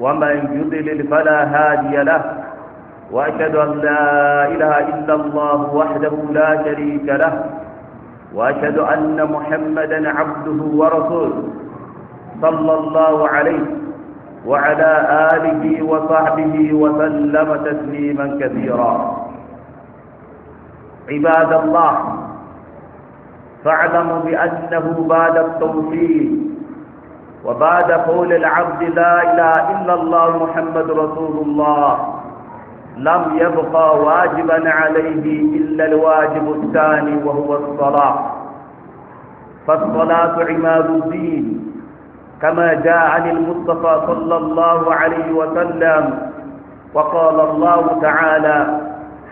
ومن يضلل فلا هادي له وأشهد أن لا إله إلا الله وحده لا شريك له وأشهد أن محمدا عبده ورسوله صلى الله عليه وعلى آله وصحبه وسلم تسليما كثيرا عباد الله فاعلموا بأنه بعد التوفيق وبعد قول العبد لا إله إلا الله محمد رسول الله لم يبقى واجبا عليه إلا الواجب الثاني وهو الصلاة فالصلاة عماد الدين كما جاء عن المصطفى صلى الله عليه وسلم وقال الله تعالى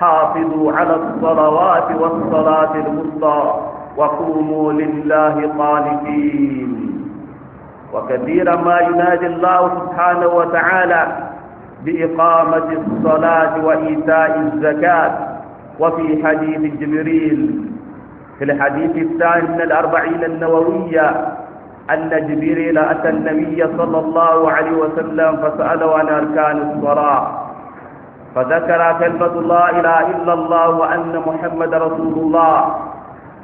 حافظوا على الصلوات والصلاة الوسطى وقوموا لله قانتين وكثيرا ما ينادي الله سبحانه وتعالى بإقامة الصلاة وإيتاء الزكاة وفي حديث جبريل في الحديث الثاني من الأربعين النووية أن جبريل أتى النبي صلى الله عليه وسلم فسأله عن أركان الصلاة فذكر كلمة الله لا إله إلا الله وأن محمد رسول الله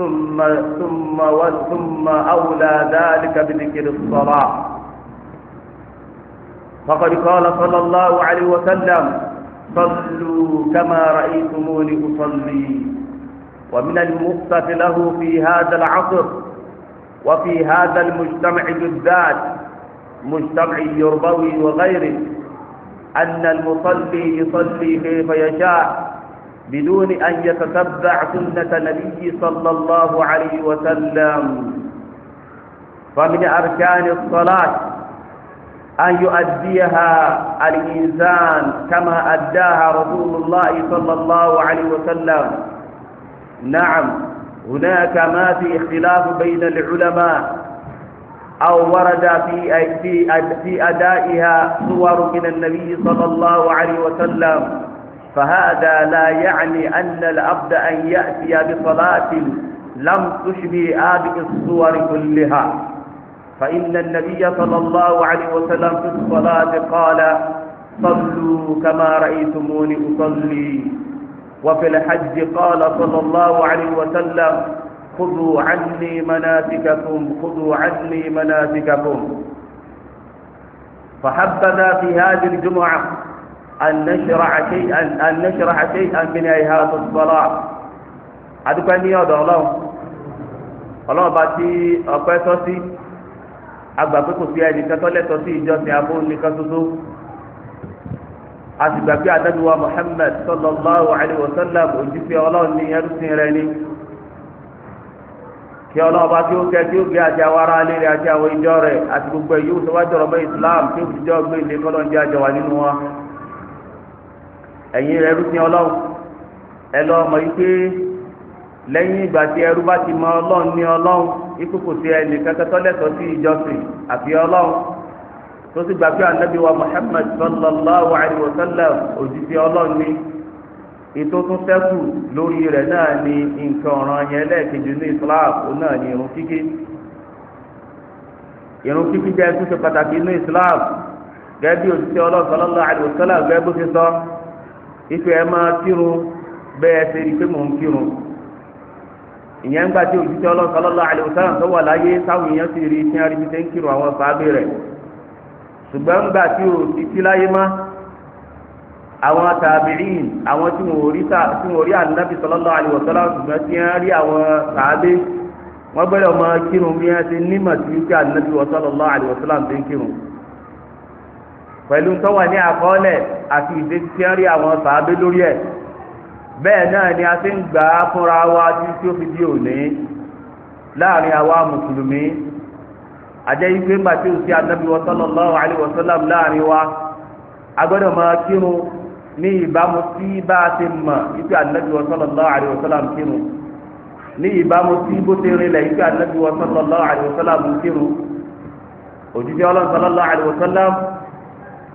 ثم ثم وثم أولى ذلك بذكر الصلاة فقد قال صلى الله عليه وسلم صلوا كما رأيتموني أصلي ومن المقصف له في هذا العصر وفي هذا المجتمع بالذات مجتمع يربوي وغيره أن المصلي يصلي كيف يشاء بدون أن يتتبع سنة نبي صلى الله عليه وسلم فمن أركان الصلاة أن يؤديها الإنسان كما أداها رسول الله صلى الله عليه وسلم نعم هناك ما في اختلاف بين العلماء أو ورد في في أدائها صور من النبي صلى الله عليه وسلم فهذا لا يعني أن العبد أن يأتي بصلاة لم تشبه هذه الصور كلها فإن النبي صلى الله عليه وسلم في الصلاة قال صلوا كما رأيتموني أصلي وفي الحج قال صلى الله عليه وسلم خذوا عني مناسككم خذوا عني مناسككم فحبذا في هذه الجمعة أن نشرع شيئا أن نشرع شيئا من هيهات الصلاة adúpẹ́ ní ọ̀dọ̀ ọlọ́run ọlọ́run bá ti ọpẹ́ tọ́ sí agbà pé kò sí ẹnìkan tó lẹ́tọ̀ọ́ sí ìjọsìn abó nìkan ṣoṣo a sì gbà pé adájúwa Muhammad sallallahu alayhi wa sallam òjíṣẹ́ ọlọ́run ní ẹrúsìn rẹ̀ ni kí ọlọ́run bá kí ó kẹ́ kí ó gbé àti àwọn ará ilé rẹ̀ àti àwọn ìjọ rẹ̀ àti gbogbo èyí ó sọ wájú ọ̀rọ̀ bẹ́ Islam tí ó fi jọ́ gbé ilé kọ́lọ́ọ̀dé àjọwà nínú wọn ẹ̀yin ẹrú sí ọlọ́run ẹ lọ mọ̀ yìí pé lẹ́yìn ìgbà tí ẹrú bá ti mọ ọlọ́run ní ọlọ́run ikú kò sí ẹnì kankan tó lẹ́tọ̀ọ́ sí ìjọsìn àfi ọlọ́run tó sì gbà pé anabi wa muhammad sallallahu alayhi wa sallam òjíṣẹ́ ọlọ́run ni ètò tún ṣẹ́kù lórí rẹ̀ náà ni nǹkan ọ̀ràn yẹn lẹ́ẹ̀kejì ní islam òun náà ni irun kíkí irun kíkí jẹ́ ẹ̀sùn ṣe pàtàkì ní islam gẹ́gẹ́ bí òjíṣẹ́ ọlọ́run sallallahu alayhi wa sallam gẹ́gẹ́ bó ṣe sọ. ife ẹ máa kírun bẹ́ẹ̀ ṣe rí pé mò ń kírun ìyẹn gba tí òjijì ọlọ́run sallallahu alaihi wasallam tó wà láyé táwọn èèyàn ti rí tí aríbi tẹ́ ń kírun àwọn fàábì rẹ̀ ṣùgbọ́n gba tí ò ti láyé má àwọn tàbíìn àwọn tí wọn ò rí tà tí wọn ò rí ànábì sallallahu alaihi wasallam ṣùgbọ́n tí wọ́n rí àwọn fàábì wọ́n gbọ́dọ̀ máa kírun bí wọ́n ti pẹ̀lú tó wà ní àkọọ́lẹ̀ àti ìdẹ́tíẹ́rì àwọn sàábé lórí ẹ̀ bẹ́ẹ̀ náà ni a ti ń gbà á fúnra wa tí tí ó fi di òní láàrin àwa mùsùlùmí àjẹ́ ife ńgbà tí ó ti anábì wa sallallahu alaihi wa sallam láàrin wa a gbọ́dọ̀ máa kírun ní ìbámu sí bá a ti mọ̀ ife anábì wa sallallahu alaihi wa kírun ní ìbámu sí bó ti rinlẹ̀ ife anábì wa sallallahu alaihi wa kírun òjijì ọlọ́run sallallahu alaihi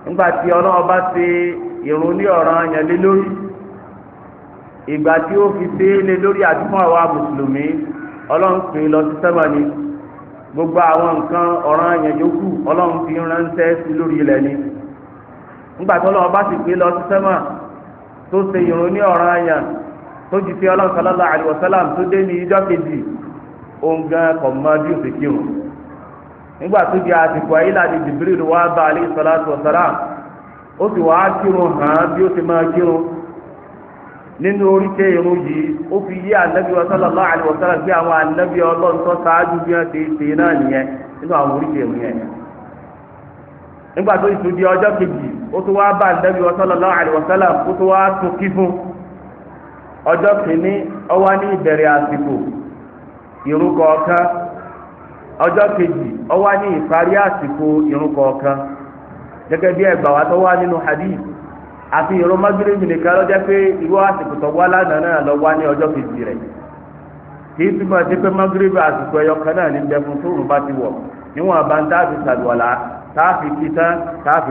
nígbà tí ọlọ́wọ́ bá ṣe ìrun ní ọ̀ràn yẹn lé lórí ìgbà tí ó fi dé lé lórí àti fún àwa mùsùlùmí ọlọ́run pè lọ sí sẹ́mà ni gbogbo àwọn nǹkan ọ̀ràn yẹn yòókù ọlọ́run fi ránṣẹ́ sí lórí ilẹ̀ ni nígbà tí ọlọ́wọ́ bá sì pè lọ sí sẹ́mà tó ṣe ìrun ní ọ̀ràn yẹn tó ti fi ọlọ́run sallallahu alaihi tó dé ní ìjọ́ kejì òun gan kọ̀ mọ́ bí ó ṣe nígbà tó di àsìkò ayé láti Jibril wá bá alẹ́ sọláṣọ sàlám ó sì wá kírun hàn bí ó ti máa kírun nínú oríkẹ́ irun yìí ó fi yé ànábi sallallahu alaihi wasallam àwọn ànábi ọlọ́run tó bí wọ́n ti ṣe náà nìyẹn nínú àwọn oríkẹ́ irun yẹn nígbà tó ọjọ́ kejì ó tún wá bá ànábi sallallahu alaihi ó wá tún kí fún ọjọ́ kìíní ọjọ́ kejì ọ wà ní ìparí àsìkò irun kọ̀ọ̀kan gẹ́gẹ́ bí ẹgbà wa tó wà nínú hadith àfi irun magrebi nìkan ló jẹ́ pé irú àsìkò tó lánàá náà lọ wà ní ọjọ́ kejì rẹ̀ kì í túmọ̀ sí pé àsìkò náà ní bẹ fún tóun bá ti wọ̀ níwọ̀n bá ń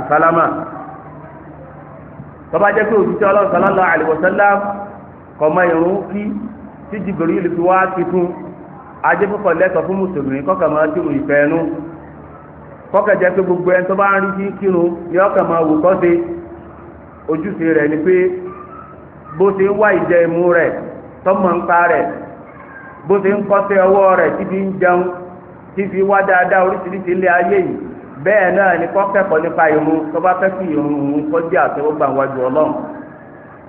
sálámà jẹ́ pé òṣìṣẹ́ kí fi wá ajé púpọ̀ lẹ́tọ̀ fún mùsùlùmí kọ́kà máa dùn ìfẹ́ ẹnu kọ́kà jẹ́ pé gbogbo ẹni tó bá ń rí sí kírun ni ọkà máa wù kọ́ sí ojúṣe rẹ̀ ni pé bó ṣe ń wá ìjẹ ìmú rẹ̀ tọ́mọ̀ ń pa rẹ̀ bó ṣe ń kọ́sẹ́ ọwọ́ rẹ̀ tí fi ń jẹun tí fi wá dáadáa oríṣiríṣi ilé ayé yìí bẹ́ẹ̀ náà ni kọ́ kẹ́kọ̀ọ́ nípa ìrun tó bá fẹ́ kí ìrun òun kọjá àtẹwọ́gbà wájú ọlọ́run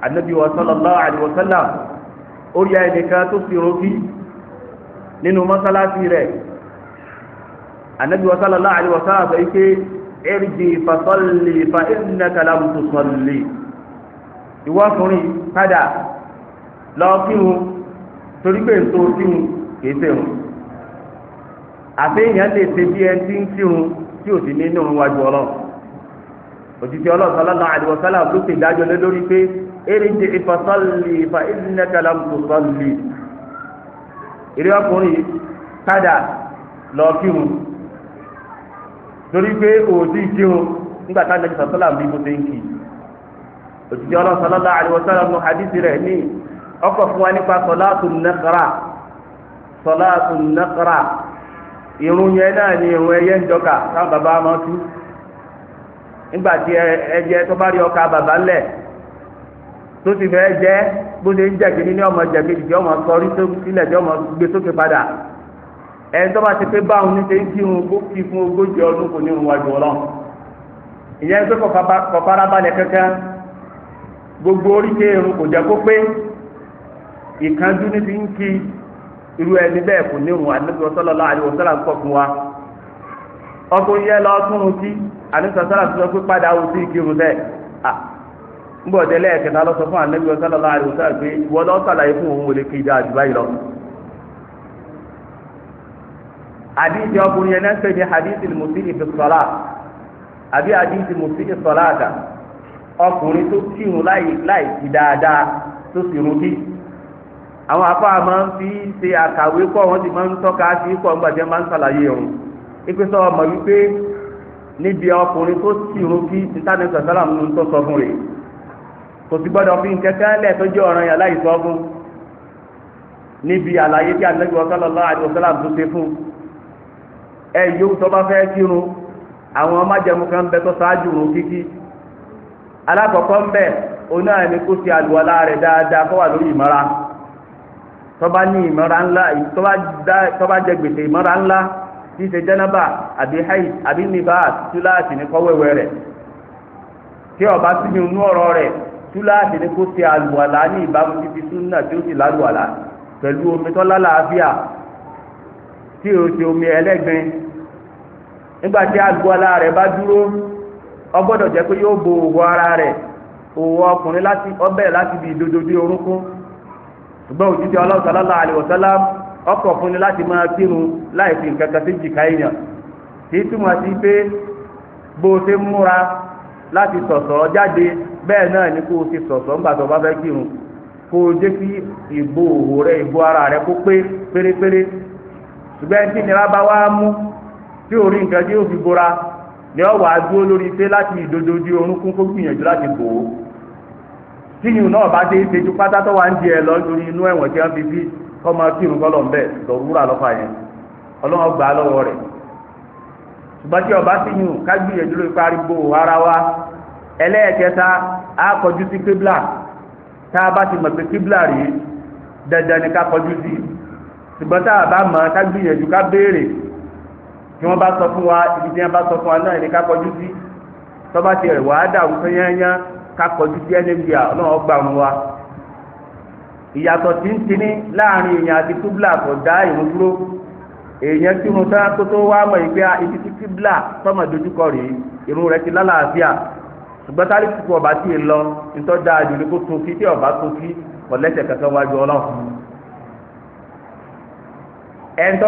ànábi wa sallallahu alaihi wa sallam ó yá ẹnìkan tó fi irun nínú mọ́sálásí rẹ̀ anabi wa sallallahu alayhi wa sallam sọ ike irji fasalli fa innaka lam tusalli ìwọ ọkùnrin padà lọ kírun torí pé ntò kírun kìí sèrun àti èèyàn lè ṣe bí ẹni tí ń kírun tí ò sì ní inú wájú ọlọ́run òtítí ọlọ́run sallallahu alayhi wa sallam ló ṣèdájọ́ lé lórí pé irji fasalli fa innaka lam tusalli. eré ọkùnrin yìí kádà lọ kírun torí pé òòdì kírun nígbà tá a lè sọ̀tọ́ làwọn bí mo ṣe ń kì í òjijì hadithi rẹ̀ ní ọkọ̀ fún wa nípa sọ̀láàtù nàkàrà sọ̀láàtù nàkàrà irun yẹn náà ni irun ẹyẹ ń tó ti fẹ́ jẹ́ bó ṣe ń jẹ́ ní ọmọ jẹ́ ọmọ sọrí sílẹ̀ tí ọmọ gbé sókè padà ẹni tó bá ti pé báwọn ní ṣe ń kírun kó kí fún ogójì ọdún kò ní ìrun ọlọ́run ìyẹn pé kankan gbogbo oríkèé irun kò jẹ́ kó pé ìkanjú ní ti ń kí irú ẹni bẹ́ẹ̀ kò ní mgbe ọdẹ lẹ́ẹ̀kẹta lọ sọ fún anabi sallallahu alaihi wasallam pé ìwọ lọ sàlàyé fún òun wòlé kí dáa jù báyìí lọ. àdìsí ọkùnrin yẹn náà ní àdìsí mùsílì fi sọlá àbí àdìsí mùsílì sọlá àtà ọkùnrin tó kírun láì fi dáadáa tó sì rúbí àwọn afáà máa ń fi ṣe àkàwé wọ́n máa ń tọ́ka sí máa ń sàlàyé ipe sọ ọmọ wípé níbi ọkùnrin tó sọ kò sì gbọ́dọ̀ fi nǹkan kan lẹ̀ tó jẹ́ ọ̀ràn yàrá níbi àlàyé tí Ànábì sallallahu alaihi tó fún ẹ tó fẹ́ kírun àwọn májẹ̀mú kan bẹ tó ṣáájú òun kíkí alákọ̀ọ́kọ́ ń òun náà ni kó ṣe rẹ̀ dáadáa kó wà lórí ní ńlá jẹ gbèsè ńlá tí ṣe jẹ́nàbà àbí àbí túláàsì ni kó ṣe àlùwàlá ní ìbámu títí súnà tí ó sì lálùwàlá pẹ̀lú omi tọ́lá làáfíà tí o ṣe omi ẹlẹ́gbin nígbà tí àlùwàlá rẹ̀ bá dúró jẹ́ pé yóò bo òwò ara rẹ̀ òwò ọkùnrin ọbẹ̀ láti bi ìdodo bí orúnkún ṣùgbọ́n òjijì ọkọ̀ fún ni láti máa kírun láì fi nǹkan kan sí jìkà èèyàn bẹ́ẹ̀ náà ni kó o ṣe sọ̀sọ̀ ńgbà tó o bá fẹ́ kírun kó o òwò rẹ ara rẹ kó pé pérépéré ṣùgbọ́n tí ìnira bá wá mú tí ò rí nǹkan tí ó fi bora ni ọ wàá dúró lórí ife láti ìdodo di orúnkún kó gbìyànjú láti bò ó tíyìn náà bá dé ìfẹ́jú pátá wa wà ń di ẹ̀ lọ lórí inú ẹ̀wọ̀n tí wọ́n fi fi kọ́ kírun kọ́ ń bẹ̀ lọ wúrà lọ́fà yẹn ọlọ́run gbà á lọ́wọ́ rẹ̀ ṣùgbọ́n tí ọba ká gbìyànjú lórí ara wa ẹlẹ́ẹ̀kẹta á sí kíblà tá a bá ti mọ̀ pé kíblà rí dandan ni ká kọjú sí ṣùgbọ́n tá a bá mọ̀ ká gbìyànjú ká béèrè tí wọ́n bá sọ fún wa ibi tí wọ́n bá sọ fún wa náà ni ká kọjú sí tọ́ba ti rẹ̀ wàá dà wúkọ́ yányán ká kọjú sí ẹni bíi ọlọ́run ọgbà wọn wa ìyàtọ̀ tí ń tini láàrin èèyàn àti kíblà kò dá ìrun dúró èèyàn kírun tán kó tó wá mọ̀ ìgbé ibi tí kíblà ṣùgbọ́n tupu ọba tí ì lọ nítorí dáa jù kó tó tí ọba tó kí kankan wájú ọlọ́run. ẹni tó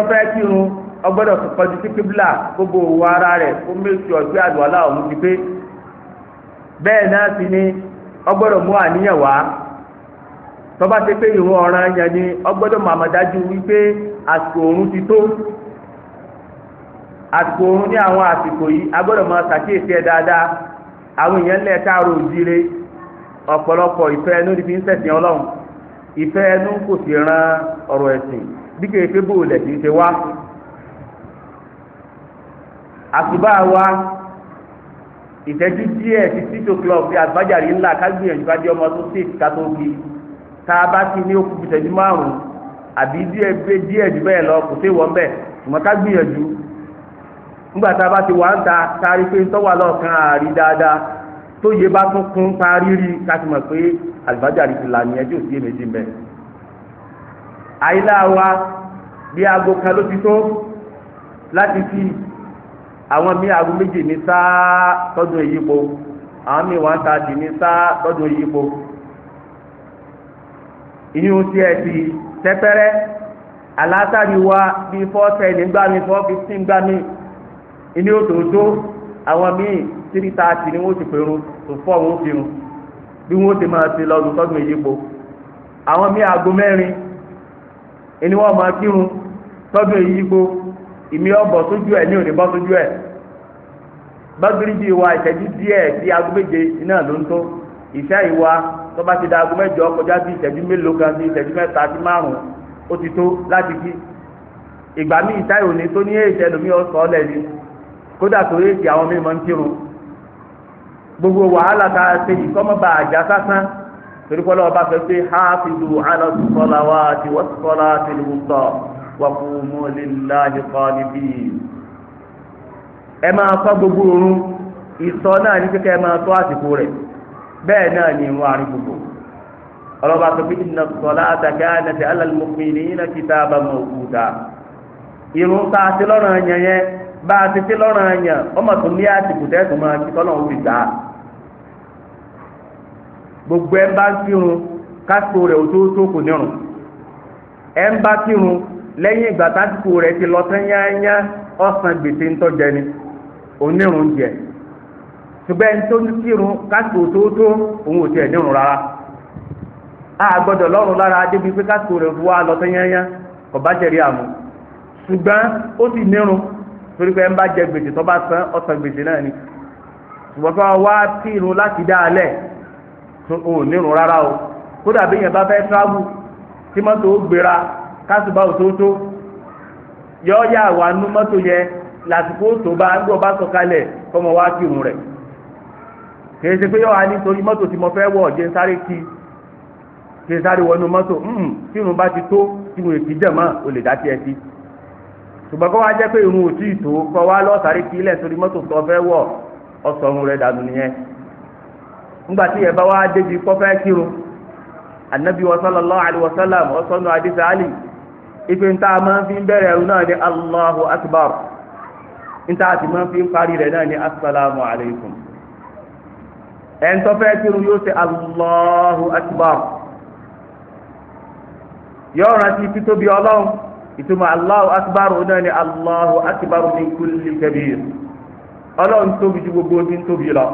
ọgbọ́dọ̀ kọjú sí gbogbo ara rẹ̀ ó mẹ́sì ọ̀gbẹ́ àlùwàlá ọ̀hún ti pé bẹ́ẹ̀ náà sì ni ọgbọ́dọ̀ mú àníyàn wá ṣe pé ọ̀ràn yẹn ni ọgbọ́dọ̀ màmá dájú wípé àsìkò òun ti tó àsìkò òun ní àwọn àsìkò yìí agbọ́dọ̀ máa ṣàkíyèsí àwọn èèyàn lẹ̀ káàró òjire ọ̀pọ̀lọpọ̀ ìfẹ́ ẹnu ní fi ń ṣẹ̀sìn ọlọ́run ìfẹ́ ẹnu kò sì ran ọ̀rọ̀ ẹ̀sìn bí kéèké bò lẹ̀ kì í ṣe wá. àsùbá wa ìtẹ́jú díẹ̀ ti six o'clock bí àgbájáre ńlá kágbìyànjú bá jẹ́ ọmọ tó sèk ká tó bí tá a bá ti ní ó kú ìtẹ́jú márùn-ún àbí díẹ̀ gbé díẹ̀ jù bẹ́ẹ̀ lọ kò sí wọ́n bẹ́ẹ̀ ṣùgbọ́n kágbìyànjú nígbà tá a bá ti wà ń ta taari pé tọ́wà lọ́ọ̀kan àárí dáadáa tó yẹ bá tún kún taari rí káti mọ̀ pé àlùbájáde ti là nìyẹn tí sí èméjì mbẹ. àyílá wa bí aago kan ló ti tó láti fi àwọn míì aago méjì ní sáà tọ́dún èyí po àwọn míì wà ń ta dì ní sáà tọ́dún èyí po ìyún tí ẹ ti tẹ́pẹ́rẹ́ alátàrí wa bíi fọ́ọ̀tẹ̀ nígbà mi fọ́ọ̀fì sí nígbà mi ìní òtòótó àwọn míì tírí táàtì ni wọ́n ti pèrò tó fọ́ wọn fi rùn bí wọ́n ti máa ti lọ́dún tọ́dún ìyípo àwọn míì aago mẹ́rin ìní wọ́n máa kírun tọ́dún ìyípo ìmí ọ̀bọ̀ sójú ẹ̀ ní òní bọ́ sójú ẹ̀ bágírí bíi wa ìṣẹ́jú díẹ̀ sí aago méje iná ló ń tó ìṣẹ́ ìwa tó bá ti da aago mẹ́jọ kọjá sí ìṣẹ́jú mélòó kan sí ìṣẹ́jú mẹ́ta sí márùn-ún ó ti tó láti kí ìgbà míì ìṣáì òní tó ní èyí ṣẹlòmí ọ̀sán ọ̀lẹ́ni kódà torí èsì àwọn mímọ́ ń kírun gbogbo wàhálà tá a ṣe yìí kọ́mọ́ bá àjà sásán torí kọ́lọ́ ọba fẹ́ pé hafidu ala salawati wa salatil wusta wa qumu lillahi qanitin. ẹ máa kọ́ gbogbo oorun ìsọ náà ní kíkẹ́ ẹ máa tọ́ àsìkò rẹ̀ bẹ́ẹ̀ náà ní ìwọ àrùn gbogbo. ọlọ́ba sọ pé inna salata kanat ala al-mu'minina kitaban mawquta. ìrun tá a ti lọ́rùn ẹ̀yẹ̀yẹ́ bá a ti ti lọ́rùn àyàn ọmọ tó ní a tẹ́sán máa ti tọ́lọ̀ wù gbà gbogbo ẹ bá kírun kásìkò rẹ̀ òtótó kò nírun ń lẹ́yìn ìgbà tásìkò ti lọ tán ọ̀sán gbèsè ń tọ́jẹ ni onírun jẹ ṣùgbọ́n ẹni tó ní kírun kásìkò òun ò tiẹ̀ nírun rárá a gbọ́dọ̀ lọ́rùn lára débi pé kásìkò rẹ̀ wá lọ torí pé ń bá jẹ gbèsè tó bá san ọ̀sán gbèsè náà ni ṣùgbọ́n fún wa wá sí irun láti dá alẹ̀ ò nírun rárá o kódà bí yẹn bá fẹ́ tíráàbù tí mọ́tò ó gbéra kásùbà òtótó yọ yà wà nú mọ́tò yẹn lásìkò tó bá gbọ́ bá sọ̀kalẹ̀ kọ́mọ wá sí irun rẹ̀ kìí ṣe pé yọ wá nítorí mọ́tò tí mo fẹ́ wọ̀ jẹ́ sáré kí kìí sáré wọnú mọ́tò hmm, tí irun bá ti tó tí mo èkì jẹ̀ mọ́ o lè dá tiẹ̀ sí. ṣùgbọ́n kó wá jẹ́ pé irun ò tí kọ́ wá lọ́ọ̀sáré kí ilẹ̀ sórí mọ́tò tó fẹ́ wọ̀ ọ̀sọ̀run rẹ̀ dànù nìyẹn nígbà tí yẹn bá wá débi ife nta tá a máa fi ń bẹ̀rẹ̀ ẹ̀rù náà ní allahu akbar a máa fi ń parí rẹ̀ náà ní asalaamu alaykum ẹ̀ ń kírun yóò ṣe allahu akbar yóò ìtumọ̀ Allahu akbar náà ni Allahu akbar min kulli kabir ọlọ́run tóbi ju gbogbo ní tóbi lọ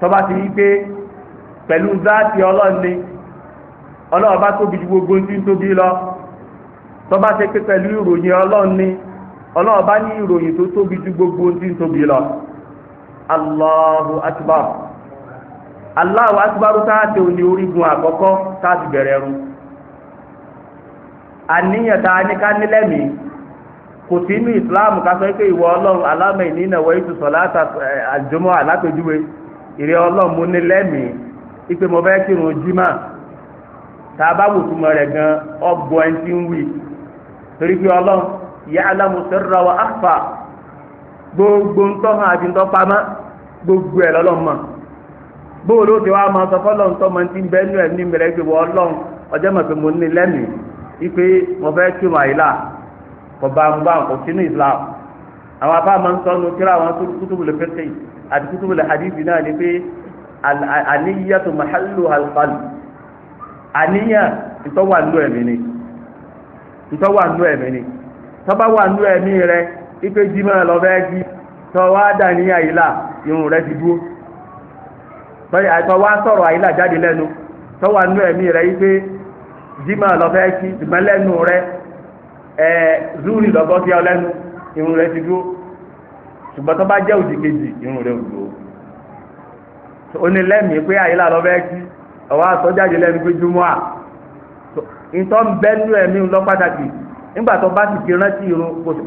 tọba ti rí pé pẹ̀lú záàtì ọlọ́run ni ọlọ́run bá tóbi ju gbogbo ní tóbi lọ tọba ti pé pẹ̀lú ìròyìn ọlọ́run ni ọlọ́run bá ní ìròyìn tó tóbi ju gbogbo ní tóbi lọ táàtì òní orígun àkọ́kọ́ táàtì bẹ̀rẹ̀ àníyàn tá a ní ká nílẹ̀ mí kò sí inú ìsìláàmù ká sọ pé ìwọ ọlọ́run alámọ̀ ìnínà wọ́n ètò sọ̀lá àjọmọ́ alápèjúwe ọlọ́run ipe mo fẹ́ kírun jimá tá a bá wò túmọ̀ rẹ̀ gan ọgbọ ẹni tí ń wí torí pé ọlọ́run gbogbo àti gbogbo ẹ̀ mọ̀ ti wá máa sọ ti ń nú ipe mo fẹ́ kí wọn àyílà kò bá ń islam àwọn afá máa ń sọ nu kíra àwọn kútùbù lè fẹsẹ̀ àti kútùbù lè hadithi náà ni pé àníyàtò mahalu alqalb àníyàn ìtọ́wà ń lo ẹ̀mí ni ìtọ́wà ń lo ẹ̀mí ni tọ́ba wà ń ẹ̀mí rẹ ipe jimá lọ fẹ́ jí tọ́ wá dà ní àyílà irun rẹ ti dúró tọ́ wá sọ̀rọ̀ àyílà jáde lẹ́nu tọ́wà ń lo ẹ̀mí rẹ ipe. jimá lọ́fẹ́ kí dima lẹ́nu rẹ ẹ zúrì lọgọ ti ọ lẹnu, irun rẹ ti dúró ṣùgbọ́n tó bá jẹ́ kejì irun rẹ ò o ó ní lẹ́mìí pé àyílá lọ́fẹ́ kí ọwọ́ àtọ́jáde lẹ́nu pé júmọ́ à ń bẹ́nu ẹ̀mí lọ pàtàkì nígbà tó bá sì ti rántí irun kò sí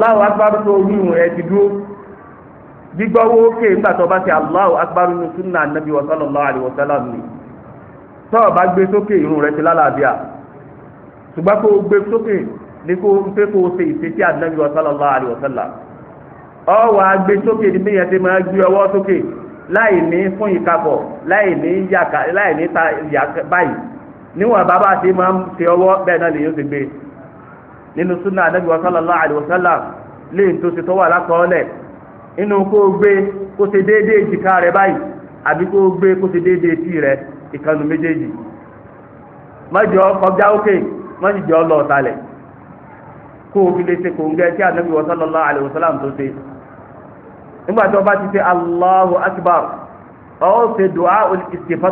tó irun rẹ ti nígbà tó bá nínú wa sallallahu wa tọ́ ọ bá gbé sókè irun rẹ ti lálàáfíà ṣùgbọ́n kó o gbé sókè ní kó o pé kó o ṣe ìṣesí ọ wà á gbé sókè ní bíyẹn ti máa gbé ọwọ́ sókè láì ní fún ìkapọ̀ láì ní yàkà láì ní ta yàkà báyìí níwọ̀n bàbá ti máa ń ṣe ọwọ́ bẹ́ẹ̀ náà lèyìn ti gbé nínú súnà tó ṣe lákọọ́lẹ̀ inú kó o gbé kó rẹ ìkànnì méjèèjì mọ́jọ́ kọjá òkè mọ́jọ́ lọ ọ̀talẹ̀ kó o fi lè ṣe kò ń gẹ́ tí ànábì wọ́n sallallahu alaihi wasallam tó ṣe nígbà tí wọ́n bá ti ṣe Allahu akbar ọ̀ ṣe dùá ìsìfà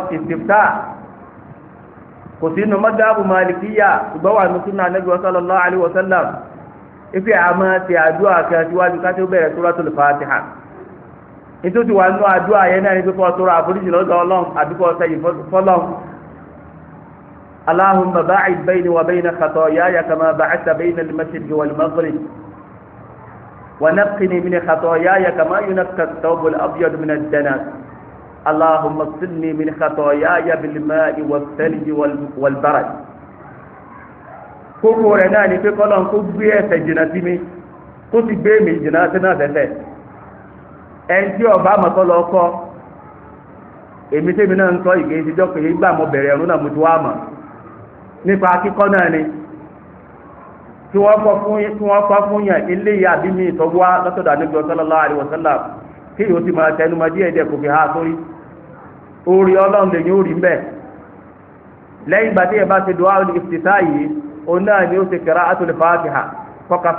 kò sí inú mọ́gàbù màlìkíyà ṣùgbọ́n wà ní súnà ànábì wọ́n sallallahu alaihi wasallam ife àmọ́ ti àdúrà kan síwájú ká tó bẹ̀rẹ̀ suratul Fatiha ètò ti wà nínú àdúrà yẹn náà ní pípọ́ tọrọ àforíjì lọ́dọ̀ ọlọ́run àdúgbò ọ̀sẹ̀ yìí fọlọ́run. اللهم باعد بيني وبين خطاياي كما بعدت بين المسجد والمغرب ونقني من خطاياي كما ينقى الثوب الأبيض من الدنس اللهم اغسلني من خطاياي بالماء والثلج والبرد kókó rẹ̀ náà ni pé kọ́lọ́n kó gbé ẹ̀ṣẹ̀ jìnnà sí mi kó sì gbé mi jìnnà sínú ẹnití ọba kọlọ ọkọ, kọ́ èmi tèmi náà ń sọ ìgbé ìṣèjọ́ pé gbà mo bẹ̀rẹ̀ na náà mo ti wá mọ̀ nípa kíkọ́ náà ni tí wọ́n kọ́ fún tí wọ́n kọ́ fún yàn eléyìí àbí mi ìtọ́jú wa kí ti fi ha sórí orí ọlọ́run lèyìn orí mbẹ́ lẹ́yìn ìgbà tí yẹn bá ti yìí òun náà ni ó ti kọ́ka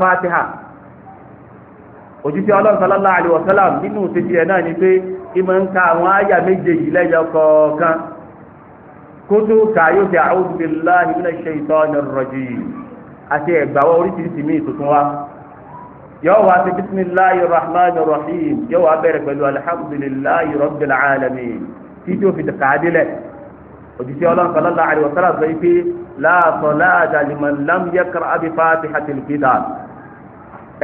òjíṣẹ́ ọlọ́run sallallahu alaihi wasallam nínú títí ẹ̀ náà ni pé ìmọ̀ ń ka àwọn àyà méje yìí lẹ́yọ kọ̀ọ̀kan kó tó ka yóò fi a'udhu billahi minash shaytanir rajim àti ẹ̀gbàwọ́ oríṣiríṣi míì tuntun wa yóò wá sí bisimilahi rahman rahim yóò wá bẹ̀rẹ̀ pẹ̀lú alhamdulilahi rabbil alamin títí ó fi kàádìlẹ̀ òjíṣẹ́ ọlọ́run sallallahu alaihi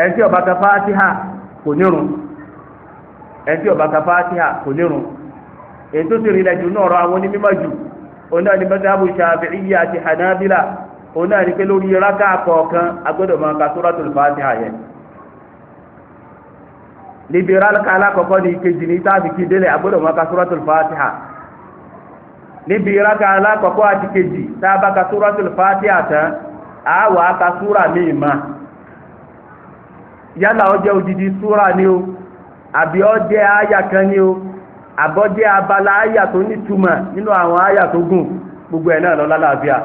ẹ̀ńtí ọba ka fatiha kò nírun ẹ̀ńtí ọba ka fatiha kò nírun ètò ìrìn ìlẹ̀jù náà rọ àwọn onímọ̀ jù onáà ní mẹ́tàbù ṣàfihìyí àti hanabila onáà ní pé lórí rákà kọ̀ọ̀kan agbọ́dọ̀ máa ka suratul fatiha yẹn níbi rákà alákọ̀ọ́kọ́ ní kejì ní ka àti kejì ka míì máa. yálà ó odidi súra ni o àbí ó jẹ́ àyà kan ni o àbọ̀ abala àyà tó nítumọ̀ nínú àwọn àyà tó gùn gbogbo ẹ̀ náà lọ lálàáfíà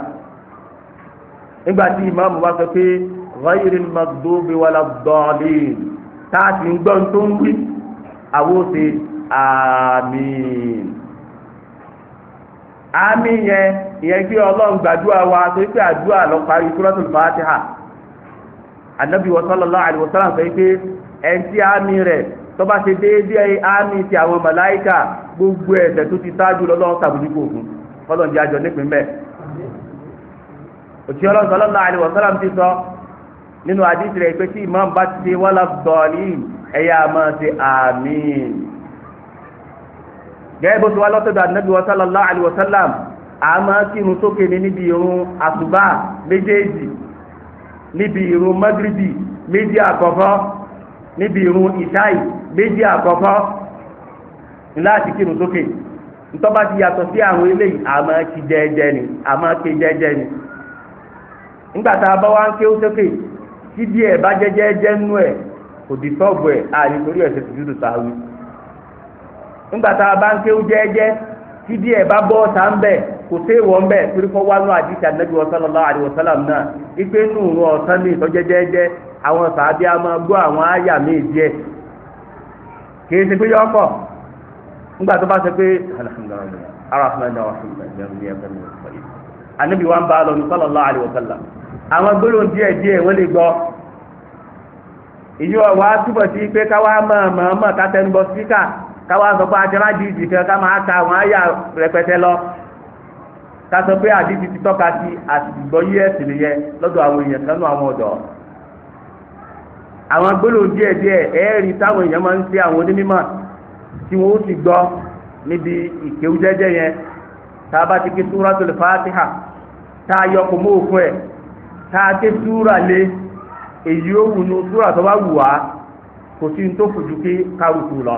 nígbà tí ìmáàmù bá sọ pé ghayril maghdubi waladdallin táàtì ń gbọ́n tó ń wí ami. òsè àmín yẹn ìyẹn gbé ọlọ́run gbàdúrà wa tó àdúrà lọ parí anabi wa sallallahu alayhi wa sallam sọ pé ẹntì àmì rẹ̀ tó bá ṣe déédéé àmì ti àwọn màláìkà gbogbo ẹ̀ṣẹ̀ tó ti ṣáájú lọ́lọ́run tàbùdíkò fún kọ́lọ̀ ní àjọ nípìn bẹ́ẹ̀. òtí ọlọ́run sallallahu ti sọ nínú àdìsí rẹ̀ pé tí imam bá ti ṣe wàhálà dọ̀ọ̀lì ẹ̀yà máa ṣe àmín. gẹ́gẹ́ bó ti wá lọ́sọ̀dọ̀ níbi ìrun magribi méjì àkọ́kọ́ níbi ìrun ìṣáì méjì àkọ́kọ́ láti kírun sókè ti yàtọ̀ sí àwọn eléyìí àmọ́ ti jẹ́ẹ́jẹ́ ni àmọ́ ti ni nígbà tá a bá wá ń ké sókè tí díẹ̀ bá jẹ́jẹ́ẹ́jẹ́ nú ẹ̀ kò dì sọ́ọ̀bù ẹ̀ àyè torí tíbi ẹ̀ bá bọ́ ọ̀tá ń bẹ̀ kò sí ìwọ̀ ń bẹ̀ torí kọ́ wá lọ àdìsí ànábi sallallahu alaihi wasallam náà ipe nù wọn ọ̀sán ní àwọn sàábí a máa gbọ́ àwọn àyà míì díẹ̀ kì í ṣe pé yọ́kọ̀ nígbà tó bá ṣe pé ànábi wa ń bá lọ ní sallallahu alaihi àwọn gbólóhùn díẹ̀ díẹ̀ wọ́n lè gbọ́ túbọ̀ sí pé káwá máa máa máa káwá sọ pé àtẹ̀rá dìísì kan ká máa ka àwọn àyà rẹpẹtẹ lọ ká sọ pé àdìsí ti tọ́ka sí àtìgbọ́ yíẹ̀sì nìyẹn lọ́dọ̀ àwọn èèyàn kan nú àwọn ọ̀dọ́ àwọn gbólóhùn díẹ̀ díẹ̀ ẹ̀ẹ́rì táwọn èèyàn máa ń ṣe àwọn onímọ̀ tí wọ́n ó sì gbọ́ níbi ìkéwú jẹ́jẹ́ yẹn tá a bá ti ké súratul Fatiha tá a yọkọ̀ mọ́ òkun ẹ̀ tá a ké súra lé èyí ó wù nú súra tó bá wù wá kò sí ní tó fojú ké kárùkù lọ.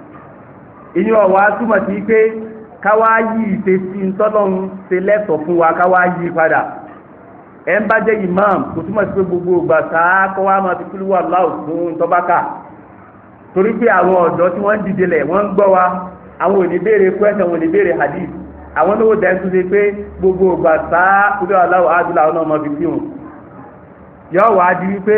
ìyẹn ọ̀wá túmọ̀ sí pé káwá yí ìfèsì ńtọ́lọ́run ṣe lẹ́tọ̀ọ́ fún wa káwá yí padà ẹ̀ ń bá jẹ́ imam kò túmọ̀ sí pé gbogbo ìgbà sáà kọ́ wa máa fi kúlú wà láwù fún tọ́bákà torí pé àwọn ọ̀dọ́ tí wọ́n ń dìde lẹ̀ wọ́n ń gbọ́ wa àwọn ò ní béèrè kwẹ́sàn wọn ò ní béèrè hadith àwọn lówó dẹ́n tún ṣe pé gbogbo ìgbà sáà kúlú wà láwù ádùlà ọ̀nà ọmọ bìbí hùn yọ wàá di wípé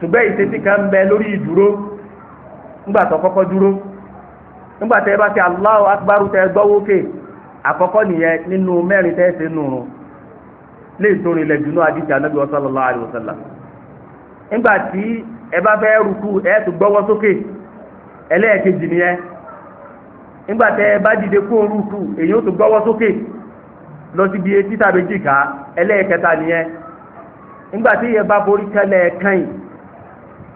ṣùgbọ́n ìṣesí kan ń bẹ lórí ìdúró kọ́kọ́ dúró bá ti Allahu akbar tẹ́ gbọ́ àkọ́kọ́ nìyẹn nínú mẹ́rin lè ilẹ̀ tí ẹ bá fẹ́ rúkú ẹ tún gbọ́wọ́ sókè ẹlẹ́ẹ̀kejì nìyẹn ńgbà bá dìde kó rúkú èyí ó tún gbọ́wọ́ sókè lọ sí bíi etí tàbí ẹ bá forí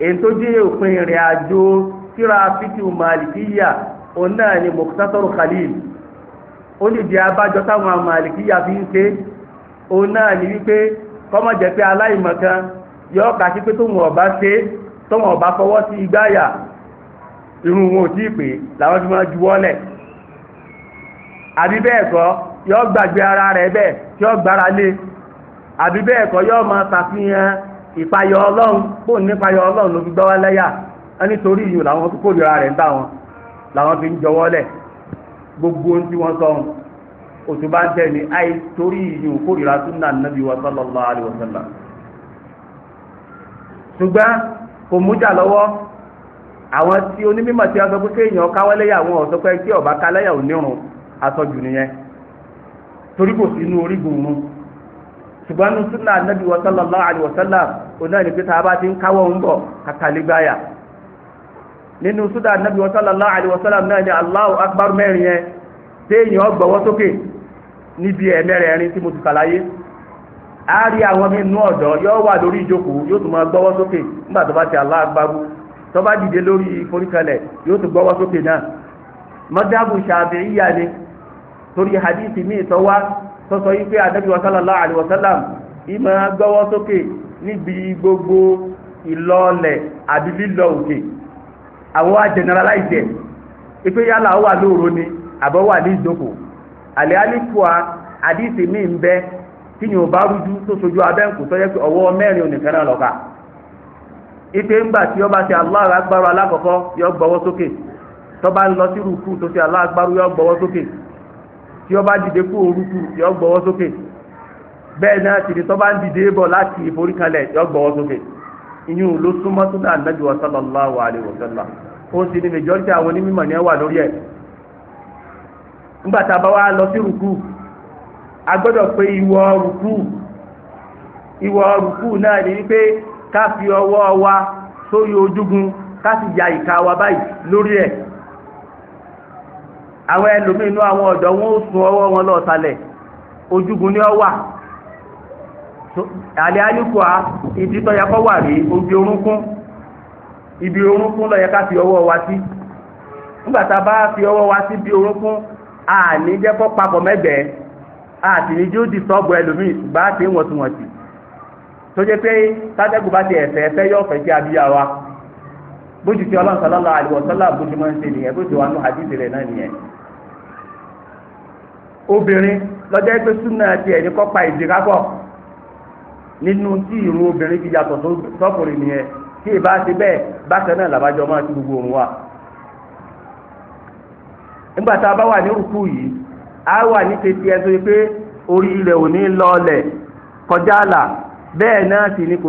èyí tó jẹ́ òpin ìrìn àjò síra fíkìú màlìkíyà òun náà ni mọ̀kútàtọ̀rù khalil ó ní ìdí abájọ táwọn màlìkíyà fi ń ṣe òun náà ni wípé kọ́mọ̀jẹ̀ pé aláìmọ̀kan yọ ọ́ka sí pé tóun ọ̀bá ṣe tóun ọ̀bá fọwọ́ sí igbáyà irun wọn ò tí ì pè làwọn fi máa juwọ́lẹ̀ àbí bẹ́ẹ̀ kọ́ yọ gbàgbé ara rẹ̀ bẹ́ẹ̀ tí yọ gbára lé àbí bẹ́ẹ̀ kọ́ ìpayọ ọlọ́run bóun nípayọ ọlọ́run ló fi gbọ́ wá lẹ́yà ẹni torí ìyún làwọn tó kórìíra rẹ̀ ń bá wọn làwọn fi ń jọwọ́ lẹ̀ gbogbo ohun tí wọ́n sọ ohun òtún bá ń tẹ̀ ní àì torí ìyún kórìíra súnà nàbí wa sallallahu ṣùgbọ́n kò mújà lọ́wọ́ àwọn tí onímọ̀ tí wọ́n sọ pé ṣùgbọ́n ní sunna anabi wa sallallahu alayhi wa sallam oná ní pété abá ti ń káwọ́ ń bọ̀ kàkàlígbáyà nínú sunna anabi wa sallallahu alayhi wa sallam náà ní allahu akbar mẹ́rin yẹn téèyàn gbọ́wọ́ sókè níbi ẹ̀mẹ́rẹ̀ẹ̀rin tí mo ti kàlàyé a rí àwọn mi nú ọ̀dọ́ yóò wà lórí ìjókòó yóò tún máa gbọ́wọ́ sókè nígbà tó bá ti allahu akbar tó bá dìde lórí ìforíkalẹ̀ yóò tún gbọ́wọ́ sókè náà mọ́dábù ṣàbíyà ni torí hadith mi ìtọ́wá sọsọ ike pé anabi sallallahu alaihi wasallam ìmọ̀ gbọ́wọ́ sókè níbi gbogbo ìlọ́ọ̀lẹ̀ àbí lílọ òkè àwọn àjẹnẹraláìjẹ ìpè yálà ó wà lóòrò ni àbọ̀ wà ní ìjókòó àlẹ́ alíkùá àdìsí mi ń bẹ bá rújú tó sojú abẹ́ǹkù tó yẹ pé ọwọ́ mẹ́rin yọ gbọ́wọ́ sókè tó bá ń lọ sí rúkú yọ gbọ́wọ́ sókè. tí ó bá dìde kú orúkú tí ó gbọ́wọ́ sókè bẹ́ẹ̀ náà tìrì tó bá ń dìde bọ̀ láti ìforíkalẹ̀ tí ó gbọ́wọ́ sókè ìyún ló súnmọ́ tó náà nàbí sallallahu alaihi wasallam ó sì ní mẹjọ́rìtì àwọn onímọ̀ ni ẹ wà lórí ẹ̀ bá lọ sí rùkú a gbọ́dọ̀ pé ìwọ rùkú ìwọ rùkú náà ní pé ká fi ọwọ́ wa sórí ojúgun ká sì ya ìka wa báyìí lórí ẹ̀ àwọn ẹlòmíín inú àwọn ọ̀dọ́ wọn ó sun ọwọ́ wọn lọ sálẹ̀ ojúgun ni ọ wà àlẹ́ ayíkùá ibi tó yẹ kó wà rí ojú orúnkún ibi orúnkún ló yẹ ká fi ọwọ́ wa sí nígbà tá a bá fi ọwọ́ wa sí bí orúnkún àní jẹ́ kó papọ̀ mẹ́gbẹ̀ẹ́ àti ní yóò sọ́ọ̀bù ẹlòmíì bá ti ń tó jẹ́ pé tátẹ́gùn bá ti ẹ̀fẹ́ ẹ̀fẹ́ yóò sí abíyá wa. bójú tí ọlọ́run sọlọ́lá àlùwọ̀sọ́lá bójú máa ń ṣe nìyẹn bójú wa nù àdìsí rẹ̀ náà nìyẹn. obìnrin lọ́jọ́ pé súnà ní kọ́pa ìdíra nínú tí ìrù obìnrin fi yàtọ̀ sọ́kùnrin nìyẹn tí bẹ́ẹ̀ bákan náà máa ti gbogbo òun wa. nígbà tá a bá wà ní rúkú yìí a wà ní kété kọjá àlà bẹ́ẹ̀ náà sì ni kò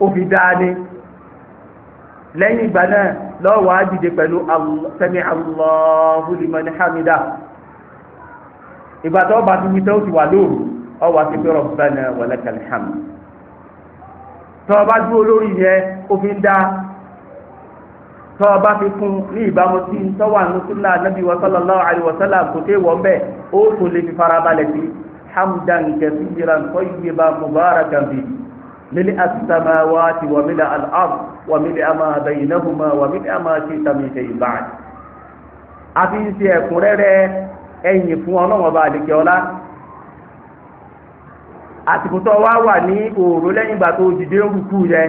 ó fi dáa ní lẹ́yìn ìgbà náà lọ́wọ́ á dìde pẹ̀lú sami Allahu liman hamida ìgbà tó bá ti wíta ó ti wà lóru ọ wà sí pé rabbana wa lakal hamd tó o bá dúró lórí yẹn ó fi ń dá tó o bá fi kún ní ìbámu sí tọ́wà ní sunna nabi wa sallallahu alayhi kò tẹ́ wọ́n bẹ́ẹ̀ ó tún lè fi farabalẹ̀ sí hamdan kathiran tayyiban mubarakan bihi. ملء السماوات وملء الأرض وملء ما بينهما وملء ما شئت من ma بعد àti ń ṣe ẹ̀kúnrẹ́rẹ́ ẹ̀yìn fún A bá àdìkẹ ọlá àtìkùtọ wa wà ní òòró lẹ́yìn ìgbà tó dìde ń rúkú rẹ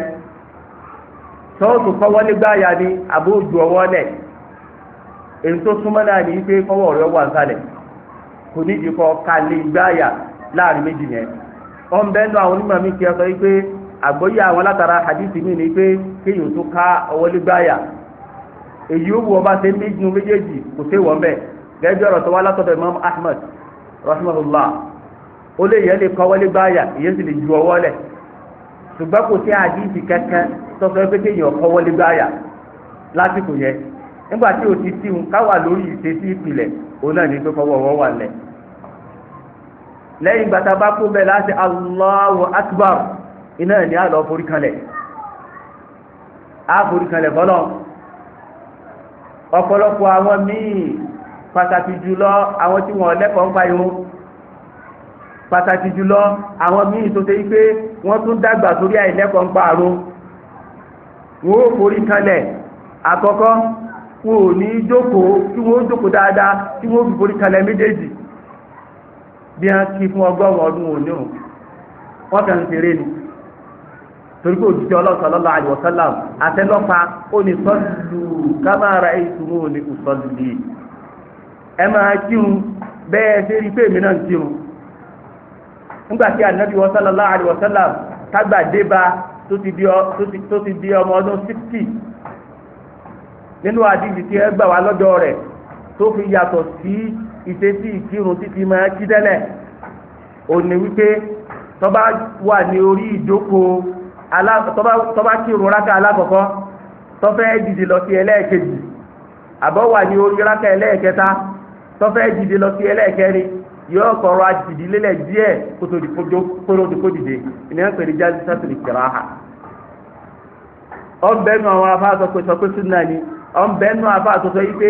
tọ́ọ̀tù èyí tó súnmọ́ náà ní rẹ wà kò láàrin méjì yẹn. ọ̀n bẹ́ẹ̀ nù àwọn onímọ̀ mi ti ọ̀sọ́ yìí pé àgbọ́yé àwọn látara hadith mi ni pé kéèyàn tó ká ọwọ́ lẹ́gbàáyà èyí ó wù ọba ṣe ń méjì méjèèjì kò sí wọ́n bẹ́ẹ̀ gẹ́gẹ́ bí ọ̀rọ̀ tó wá látọ̀dọ̀ Imam Ahmad rahimahullah ó lè yẹn lè kọ́ ọwọ́ lẹ́gbàáyà èyí sì lè ju ọwọ́ lẹ̀ ṣùgbọ́n kò sí hadith kankan tó sọ pé kéèyàn kọ́ lásìkò yẹn nígbà tí ti káwà lórí ìṣesí ìpìlẹ̀ òun náà ní pé wà lẹ́yìn gbàtà bá kú bẹ́ẹ̀ láti Allahu akbar iná ni a lọ forí kanlẹ̀ a forí kanlẹ̀ fọlọ́ ọ̀pọ̀lọpọ̀ àwọn míì pàtàkì jùlọ àwọn tí wọ́n lẹ́kọ̀ọ́ ń pa irun pàtàkì jùlọ àwọn míì tó ṣe yí pé wọ́n tún dàgbà sórí àìlẹ́kọ̀ọ́ ń pa wọ́n ó forí kanlẹ̀ àkọ́kọ́ wọn ò ní jókòó kí wọ́n ó jókòó dáadáa kí wọ́n ó fi forí kanlẹ̀ méjèèjì. bí wọ́n kí fún ọgọ́rùn ọdún òní o wọ́n ń ni torí pé òjijì ọlọ́sọ̀lọ́lọ́ àyọ̀sọ́lá àtẹlọ́pa ó ní sọ́ọ̀lù kámàrà ìtumọ̀ ní ìsọ̀lù yìí ẹ máa kírun bẹ́ẹ̀ ṣe rí pé èmi kírun nígbà tí ànábì wọn sálọ láàrin wọn sálà tó ti di ọmọ ọdún sixty nínú àdìsí tí ẹ gbà wá lọ́jọ́ rẹ̀ tó fi yàtọ̀ sí ìṣesí ìkírun títí máa kí tẹ́lẹ̀ òní wípé tọ́ba wà ní orí ìjókòó tọ́ba kírun rákà alákọ̀ọ́kọ́ tọ́fẹ́ dìde lọ sí ẹlẹ́ẹ̀kejì àbọ̀ wà ní orí rákà ẹlẹ́ẹ̀kẹta tọ́fẹ́ dìde lọ sí ẹlẹ́ẹ̀kẹrin yóò kọ̀rọ̀ àdìdílélẹ̀ díẹ̀ kótó dìkó dìde ìnáyà pẹ̀lú jáde sátìrì kìráhà ọ̀nbẹ́nu àwọn afáàsọ pé sọ pé súnà ni ọ̀nbẹ́nu afáàsọ sọ yí pé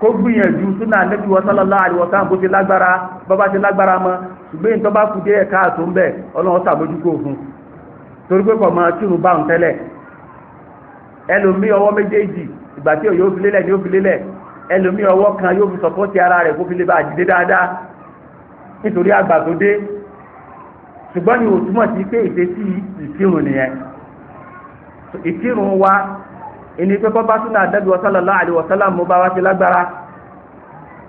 kó gbìyànjú súnà ànábì wa sallallahu alaihi wasallam bó ti lágbára bàbá ti lágbára mọ́ ṣùgbọ́n ìtọ́ bá kú díẹ̀ káàtó ń bẹ̀ ọlọ́run ṣàbójúkò fún torí pé kò máa bá òun tẹ́lẹ̀ ẹlòmí ọwọ́ méjèèjì ìgbà tí yóò fi lélẹ̀ yóò fi lélẹ̀ ẹlòmí ọwọ́ kan yóò fi ara rẹ̀ kó fi lè bá àdìdé dáadáa nítorí àgbà tó dé ṣùgbọ́n ni òtúmọ̀ t'i pé wa ìní pé kọ́ba súnà àdẹ́bí sallallahu alaihi wasallam mú bá wá sí lágbára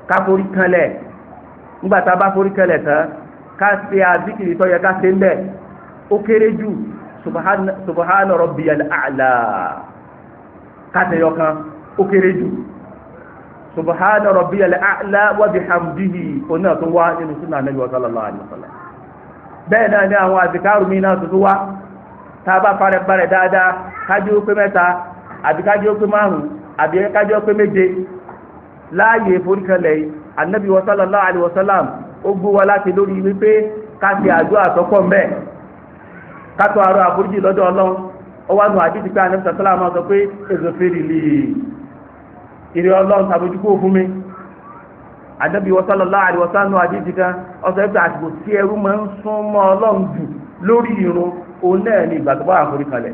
ká forí kanlẹ̀ nígbà tá a bá forí kanlẹ̀ tán ká ṣe àzíkìrì tó yẹ ká ṣe ń bẹ̀ ó kéré jù subahana rabbiyal a'la ká tẹ̀yọ̀ kan ó kéré jù subahana rabbiyal a'la wa bihamdihi òun náà wá nínú súnà àdẹ́bí sallallahu alaihi bẹ́ẹ̀ náà ni àwọn àzìkárù náà tuntun wá tá a bá parẹ́ àbí kájọ pé márùn àbí kájọ pé méje láàyè ìforíkalẹ̀ anabi sallallahu alaihi wasallam ó gbó wa láti lórí wípé ká ṣe àdúrà àtọ́pọ̀ mbẹ́ ká tó àrò àforíjì lọ́dọ̀ ọlọ́run ó wá nù àdìsí pé anabi sallallahu máa sọ pé èso fèrè lè ìrẹ́ ọlọ́run tàbójúkú fún mi anabi sallallahu alaihi wasallam nù àdìsí kan ọ̀sẹ̀ pé àsìkò tí ẹrú máa ń sún mọ́ ọlọ́run jù lórí ìrun òun náà ni ìgbà tó bá àforíkalẹ̀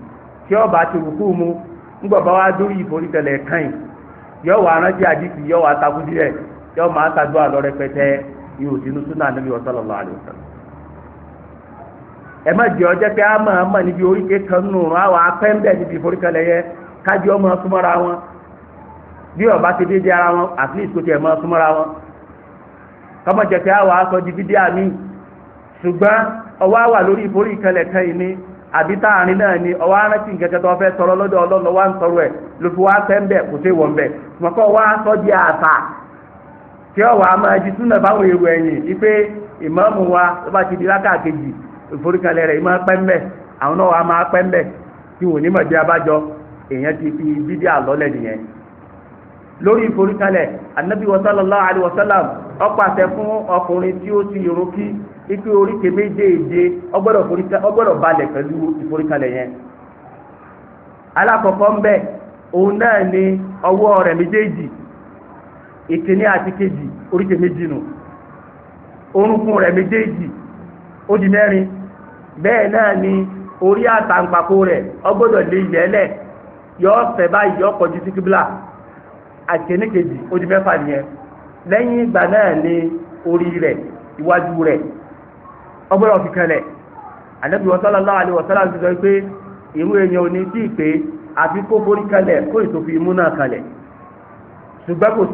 tí ọba ti rùkú mu ńgbọ̀bá wa dórí ìforíkẹlẹ̀ kan yìí wà rántí àdìsí yọ wà takú sílẹ̀ yọ máa tajú àlọ́ rẹpẹtẹ yóò sínú súnà níbi ọjọ́ pé a máa mọ̀ níbi oríkè kan àwọn apẹ́ńbẹ́ níbi ọmọ súnmọ́ra wọn bí ọba ti dé dé ara wọn súnmọ́ra wọn kọ́mọ̀jẹ̀ pé àwọn di fídíà mi ṣùgbọ́n ọwọ́ àwà lórí ni àbí táàrin náà ni ọwọ́ arántí nǹkan tó fẹ́ tọrọ lọ́dọ̀ ọlọ́run wá ń tọrọ ẹ̀ ló fi wá sẹ́ ń bẹ̀ kò sí wọ̀n bẹ̀ mọ̀kọ́ wá sọ di àṣà tí ọ̀wọ́ a máa di èrò ẹ̀yìn wípé wa ló bá ti di ìforíkalẹ̀ rẹ̀ ìmọ̀ pẹ́ ń bẹ̀ àwọn náà wà á máa pẹ́ ń bẹ̀ tí wò ní abájọ èèyàn ti fi bídí àlọ́lẹ̀ nìyẹn lórí ìforíkalẹ̀ ikú oríkè méjèèje ọgbọ́dọ̀ balẹ̀ pẹ̀lú ìforíkalẹ̀ yẹn alákọ̀ọ́kọ́ ń bẹ òun náà ni ọwọ́ rẹ̀ méjèèjì ìkíní àti kejì oríkè méjì nù orúnkún rẹ̀ méjèèjì ó di mẹ́rin bẹ́ẹ̀ náà ni orí àtàǹpàkò rẹ̀ ọgbọ́dọ̀ lé ilẹ̀ẹ́lẹ̀ yọ fẹ́ báyìí yọ kọjú sí kíbla àkíní kejì ó di mẹ́fà nìyẹn lẹ́yìn ìgbà náà ni orí rẹ̀ iwájú rẹ̀ ọgbọ́dọ̀ fi kẹlẹ̀ a sallallahu alaihi wasallam ti sọ pé irú èèyàn ò ní tí ì pé àfi kó forí kẹlẹ̀ kó ìtòfin imú náà kalẹ̀ ṣùgbọ́n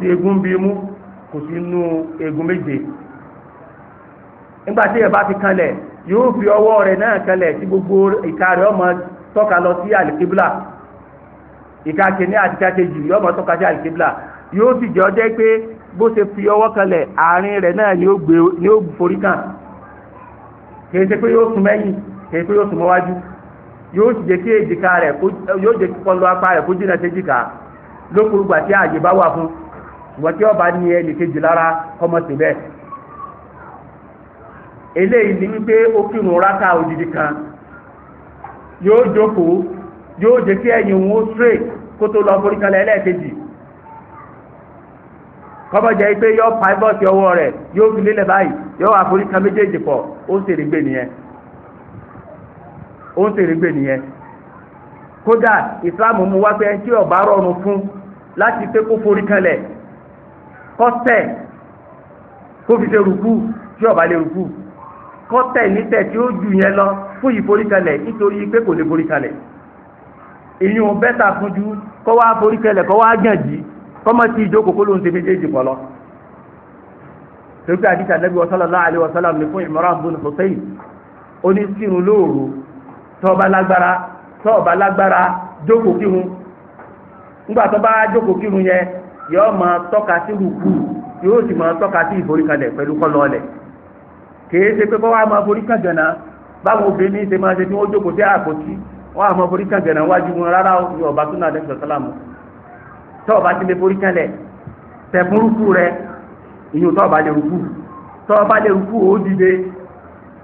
fi yóò fi ọwọ́ rẹ̀ náà kalẹ̀ tí gbogbo ìka rẹ̀ ọmọ tọ́ka lọ sí ìka kìíní àti yóò mọ tọ́ka sí yóò jẹ́ pé bó fi ọwọ́ àárín rẹ̀ náà ni ó forí kàn kì í ṣe pé yóò sún mẹ́yìn kì í pé yóò sún mọ́wájú yóò sì jẹ́ kí èjìká rẹ̀ yóò jẹ́ kí kọlu apá rẹ̀ kó jìnnà sí èjìká lókùrú gbà tí bá wà fún ìwọ tí ọba ní ẹnì kejì lára kọ́mọ sí bẹ́ẹ̀. eléyìí ni kan yóò jókòó yóò jẹ́ kí ẹ̀yìn kọ́bọ̀jẹ́ pé yọ pàìbọ́ọ̀sì ọwọ́ rẹ̀ yóò fi lélẹ̀ báyìí yọ àforíkan méjèèjì pọ̀ ó ń tèrè gbé nìyẹn ó ń tèrè gbé nìyẹn kódà ìsìláàmù mú wá pé ẹni tí ọba rọrùn fún láti pé kó forí kanlẹ̀ kọ́tẹ̀ kó fi ṣe rùkú tí ọba lè rùkú kọ́tẹ̀ nítẹ̀ tí ó jù yẹn lọ fún ìforí kanlẹ̀ nítorí pé kò lè forí kanlẹ̀ ìyún bẹ́tà fún ju kọ́ wá forí kanlẹ̀ kọ́ wá gànjì kọ́mọ tí ìjókòó kó ló ń ṣe méjèèjì pọ̀ lọ. torí pé àdìsí ànábì sallallahu alaihi wasallam ní fún Imran bun Husayn ó ní sírun lóòrò tó bá lágbára tó bá lágbára jókòó kírun nígbà tó bá jókòó kírun yẹn yóò máa tọ́ka sí rúkú yóò sì máa tọ́ka sí ìforíkalẹ̀ pẹ̀lú kọ́lọ́ọ̀lẹ̀ kìí ṣe pé máa forí obìnrin ṣe máa ṣe wọ́n jókòó sí àpótí wọ́n á máa forí tọ́ọ̀bá ti lè forí kẹ́lẹ̀ tẹ̀fún rúkú rẹ ìyóò tọ́ọ̀bá lè rúkú tọ́ọ̀bá lè rúkú ó dìde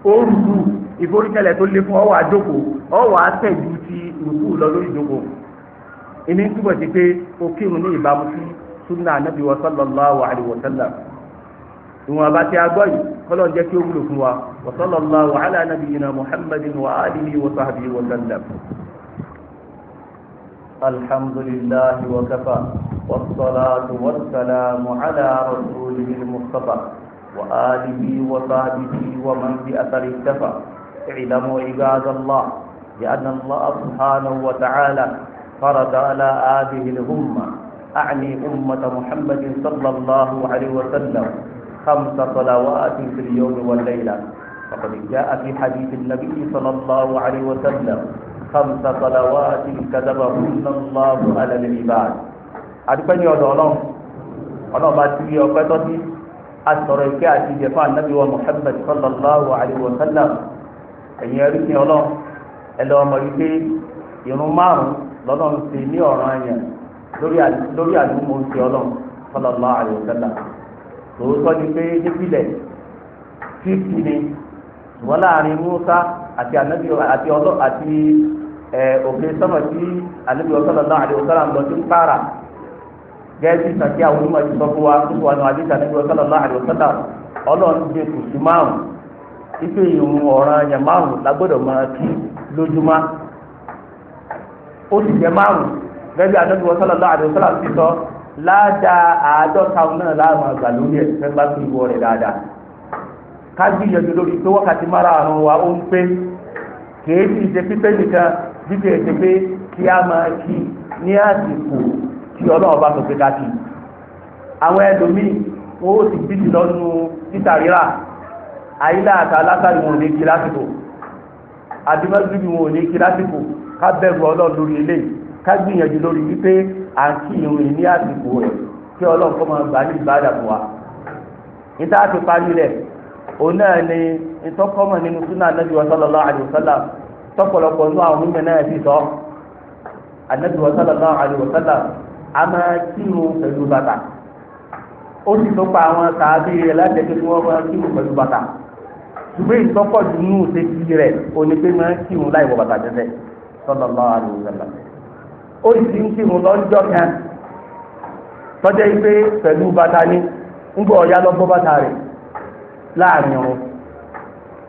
ó rúkú ìforíkẹ́lẹ̀ tó lé fún ọwọ́ àjókòó ọwọ́ àtẹ̀jú ti rúkú lọ lórí ìjókòó ìní túbọ̀ sí pé ó kírun ní ìbámu sí súnà anábì wa sallallahu alaihi wa sallam ìwọ̀n àbá tí a yìí kọ́lọ́ jẹ́ kí ó wúlò fún wa wa sallallahu ala nabiyina muhammadin wa alihi wa sahbihi wa sallam. الحمد لله وكفى والصلاة والسلام على رسوله المصطفى وآله وصحبه ومن بأثر اكتفى اعلموا عباد الله لأن الله سبحانه وتعالى فرض على هذه الأمة أعني أمة محمد صلى الله عليه وسلم خمس صلوات في اليوم والليلة فقد جاء في حديث النبي صلى الله عليه وسلم خمس صلوات كتبهن الله على العباد adúpẹ́ ní ọ̀dọ̀ ọlọ́run ọlọ́run bá ti rí ọpẹ́ tó ti asọ̀rọ̀ ìkẹ́ àti ìjẹ̀fọ́ ànábì wa muhammed sallallahu alayhi wa sallam ẹ̀yin ẹ̀rí ní ọlọ́run ẹ lọ́ọ́ mọ̀ wípé irun márùn-ún lọ́lọ́run ti ní ọ̀ràn àyàn lórí àdúgbò ti ọlọ́run sallallahu alayhi wa sallam tòótọ́ ni pé nípìnlẹ̀ fífi ni wọ́n láàrin musa àti ànábì àti ọlọ́ àti òfin sọ́mọ̀ sí àlejò ọ̀sọ́lọ̀ náà àlejò ọ̀sọ́lọ̀ àlọ́ tí ń pààrà gẹ́gẹ́ bí sàkí àwọn onímọ̀ ti sọ fún wa tó wà ní àdéhùn àlejò ọ̀sọ́lọ̀ náà àlejò ọ̀sọ́lọ̀ ọlọ́run ti kù sí márùn ife ìrùn ọ̀ràn yẹn márùn lágbọ́dọ̀ máa kí lójúmọ́ ó sì jẹ́ márùn gẹ́gẹ́ àlejò náà àlejò ti sọ àádọ́ta náà láàmú àgbà lórí ẹ̀ fẹ́ wa ó ń pé bíbí ẹ̀ ṣe pé kí a máa kí ní àsìkò tí ọlọ́run bá sọ pé ká kí àwọn ẹlòmíì wọn ó sì bíbí lọ́nu títà rírà àyílá àti alásàrì wọn ò ní kí lásìkò àdìmọ́sí wọn ò ní kí lásìkò ká bẹ̀rù ọlọ́run lórí eléyìí ká gbìyànjú lórí wípé à ń kí irun ní àsìkò rẹ̀ kí ọlọ́run kọ́ máa gbà ní ìbáàdà fún wa níta parí rẹ̀ òun náà ni ìtọ́kọ́mọ̀ nínú súnà nàbí wa sallallahu alaihi tọ́pọ̀lọpọ̀ nínú àwọn mímẹ́ náà ti sọ Ànábì sallallahu alaihi wasallam a máa kírun pẹ̀lú bàtà ó sì tó pa àwọn sàábì rẹ̀ láti ẹgbẹ́ tí wọ́n máa kírun pẹ̀lú bàtà ṣùgbọ́n ìtọ́pọ̀ jù nínú ìṣèkì rẹ̀ òní pé máa kírun láì wọ bàtà tẹ́tẹ́ sallallahu alaihi wasallam ó sì ń kírun lọ́jọ́ kan tọ́jẹ́ pé pẹ̀lú bàtà ni ń gbọ́ ọ̀yá lọ́gbọ́ bàtà rẹ̀ láàrin ọ̀run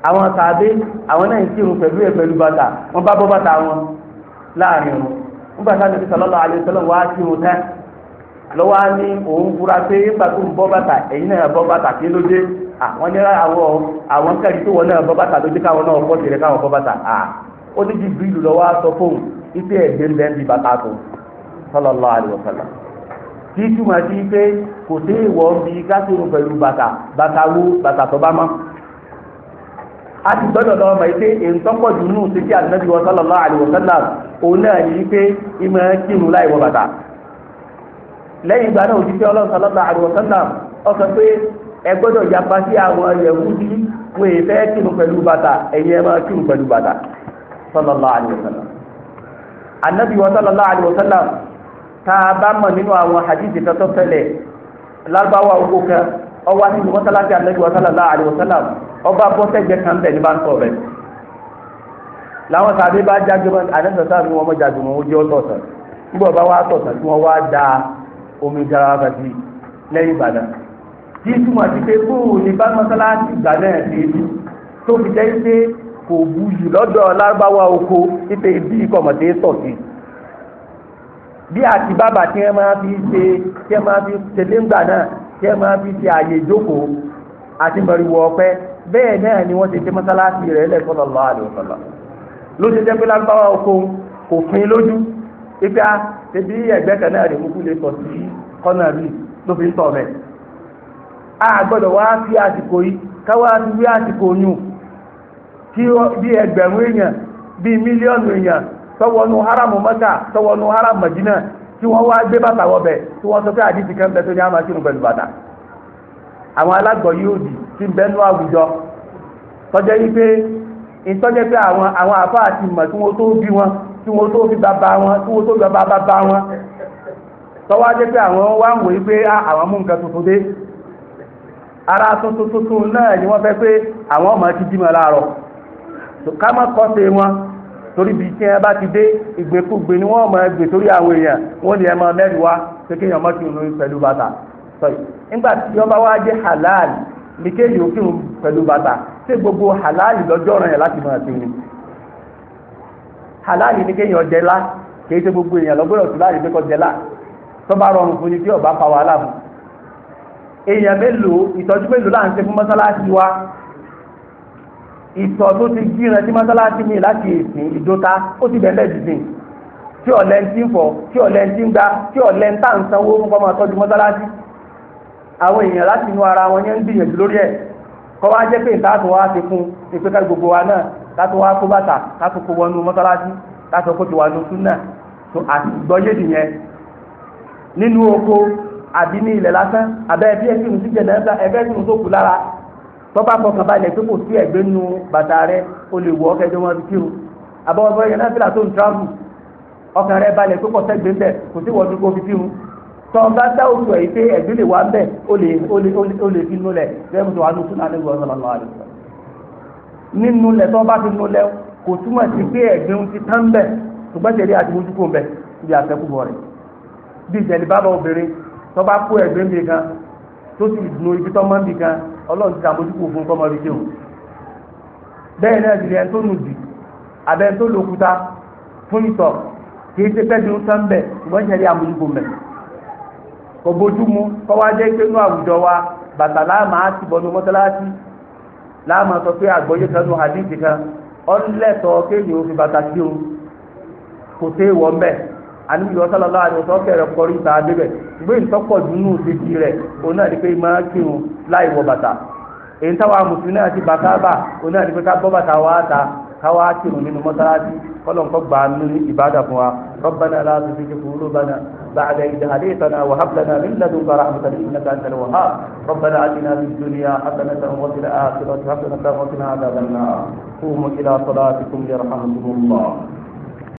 àwọn tàbí àwọn náà ń kírun pẹ̀lú ẹ̀ pẹ̀lú bàtà wọn bá bọ́ bàtà wọn láàrin wọn nígbà tá a lè fi sọlọ́lọ́ àlẹ́sọ́lọ́ wá sí wọn tẹ́ lọ́wọ́ á ní òun fura pé nígbà tó ń bọ́ bàtà ẹ̀yin náà bọ́ bàtà kí ló dé àwọn ní àwọn àwọn kẹ́rì tó wọn náà bọ́ bàtà ló dé káwọn náà bọ́ tẹ̀lé káwọn bọ́ bàtà à ó ní ju bílù lọ́wọ́ á sọ fóun ife ẹ̀gbẹ́ ń bi bí bàtà tó bá a ti gbọ́dọ̀ lọ ọmọ yìí pé èyí tó pọ̀ jù nù sí kí ànábì wọn sallallahu alaihi wasallam òun náà yìí pé ìmọ̀ kírun láì wọ bàtà lẹ́yìn ìgbà náà òjíṣẹ́ ọlọ́run sallallahu alaihi wasallam ó sọ pé ẹ gbọ́dọ̀ yapa sí àwọn Yẹhudi wọn èyí fẹ́ kírun pẹ̀lú bàtà ẹ̀yin ẹ máa kírun pẹ̀lú bàtà sallallahu alaihi wasallam ànábì wọn sallallahu alaihi wasallam tá a bá mọ̀ nínú àwọn hadithi tọ́tọ́ fẹ́lẹ̀ lágbáwá ogbó kan ọwọ́ àti mọ́tálásí ànábì wọn sallallahu alaihi wasallam ọba bọ́sẹ̀gbẹ́ kan bẹ̀ ní bá ń sọ rẹ̀ làwọn sàbí bá jáde wọn àdéhùnsá ni wọn jáde wọn ojú ọtọ̀tàn nígbà wọn bá wá tí wọn wá da omi jara bàtí lẹ́yìn Ìbàdàn tí túmọ̀ sí pé bóòwò ní bá mọ́sálásí ìgbà náà ti rí tó fi jẹ́ pé kò buyì lọ́dọ̀ lárúbáwá oko títẹ̀ ibi ìkọ̀mọ̀tẹ́ sọ̀ sí bí àti bàbà tí wọ́n máa fi ṣe tí wọ́n máa fi ṣe léńgbà náà tí wọ́n máa fi ṣe àyè ìjókòó àti mọ̀rìwọ̀ ọ̀pẹ́ bẹ́ẹ̀ náà ni wọ́n ti ṣe mọ́sálásí rẹ̀ lẹ́kọ́ lọ́lọ́ àdìọ́sọ́lọ́ ló ṣe jẹ́ pé oko kò fin lójú a ṣebí ẹgbẹ́ kan náà rè mú kúlẹ̀ sọ sí kọ́nà rí ló fi ń tọ̀ mẹ́. a gbọ́dọ̀ wá sí àsìkò yìí káwá wí àsìkò kí bí ẹgbẹ̀rún èèyàn bíi mílíọ̀nù èèyàn tọwọ́nu haramu mọ́tà tọwọ́nu haramu mọ̀jìnà tí wọ́n wá gbé bàtà ti bẹnu àwùjọ tọjẹ́ yìí pé pé àwọn àwọn àti ìmọ̀ tí wọ́n tó bí wọn tí wọ́n tó fi bàbá wọn tí wọ́n tó bàbá bá wọn tọwọ́ pé àwọn wá ń wòye pé ah, àwọn mú nǹkan tuntun dé ara tuntun tuntun náà ni wọ́n fẹ́ pé àwọn ọmọ ti láàárọ̀ ká kọ́sẹ̀ wọn torí bí ẹ bá ti dé ìgbèkúgbè ni wọ́n mọ̀ torí àwọn èèyàn wọ́n ní kéèyàn ó kírun pẹ̀lú gbogbo halali lọ́jọ́ ọ̀ràn yẹn láti máa ṣe halali ní kéèyàn jẹ lá kì í ṣe gbogbo èèyàn lọ́gbọ́dọ̀ tó láàyè pé kọ́ jẹ rọrùn fún ni tí ọba fa wàhálà fún èèyàn mélòó ìtọ́jú mélòó là ń ṣe fún mọ́sálásí wa ìtọ̀ tó ti gíran tí mọ́sálásí mi láti ìsìn ìdóta ó ti bẹ̀rẹ̀ dìsìn tí ọ̀lẹ́ ń tí ń fọ̀ tí ọ̀lẹ́ ń tí ń gbá tí ọ̀lẹ́ ń tà ń sanwó fún kọ́ mọ́sálásí àwọn èèyàn láti inú ara wọn yẹn ń gbìyànjú lórí ẹ̀ kọ́ wá jẹ́ pé ìtaàtò wa ti fún ìpè gbogbo wa náà kátó wá kó bàtà kátó kó wọnú mọ́tálásí kátó kó ti wà ní súnà tó àgbọ́yé nìyẹn nínú oko àbí ní ilẹ̀ lásán àbẹ́ ẹbí ẹbí ẹbẹ́ tó kù lára tó kò sí ẹ̀gbẹ́ nu bàtà rẹ o lè wọ ọkẹ́ tọ́n bá dá oṣù ẹ̀ yìí pé ẹ̀gbẹ́ lè wá ń bẹ̀ ó lè ó lè ó lè fi nulẹ̀ bẹ́ẹ̀ mọ̀tò wà ní oṣù náà ní ìwọ̀n ọ̀nà àlè sọ. nínú lẹ̀ tọ́n bá fi nulẹ̀ kò túmọ̀ sí pé ẹ̀gbin ti tán bẹ̀ ṣùgbọ́n tẹ̀lé àti mojú kò ń bẹ̀ ibi àfẹ́kùbọ̀ rẹ̀. bí ìjẹ̀lẹ̀ bá bá obìnrin tó bá kó ẹ̀gbin bì kan tó sì nu ibi tó mọ́ bì kan ọlọ́run ti ta mojú kò fún kọ́mọ rẹ̀ bẹ́ẹ̀ náà ti ṣùgbọ́n ìṣẹ̀lẹ̀ àmójúkò mẹ́rin kò bójúmu kọ́wá jẹ́ pé inú àwùjọ wa bàtà láàmà á ti bọ́nu mọ́sálásí láàmà sọ pé àgbọ̀yé kan nù hadithi kan ọ̀lẹ́tọ̀ kéèyàn òfin bàtà sí o kò sí ìwọ mbẹ́ àníbi ìwọ sálọ láàrin ọ̀sán kẹrẹ kọrí ìta abẹ́bẹ̀ ìgbé ìtọ́pọ̀ dùnú òṣèjì rẹ̀ òun náà ni pé máa kírun láì wọ bàtà èyí táwa mùsùlùmí náà ti bàtà bà òun náà ni pé ká bọ́ bàtà wá ta káwá kírun nínú mọ́sálásí kọ́lọ́n kọ́ gbà nínú ìbádà fún wa ربنا لا تزغ قلوبنا بعد إذ هديتنا وهب لنا من لدنك رحمة إنك أنت الوهاب ربنا آتنا في الدنيا حسنة وفي الآخرة حسنة وقنا عذاب النار قوموا إلى صلاتكم يرحمكم الله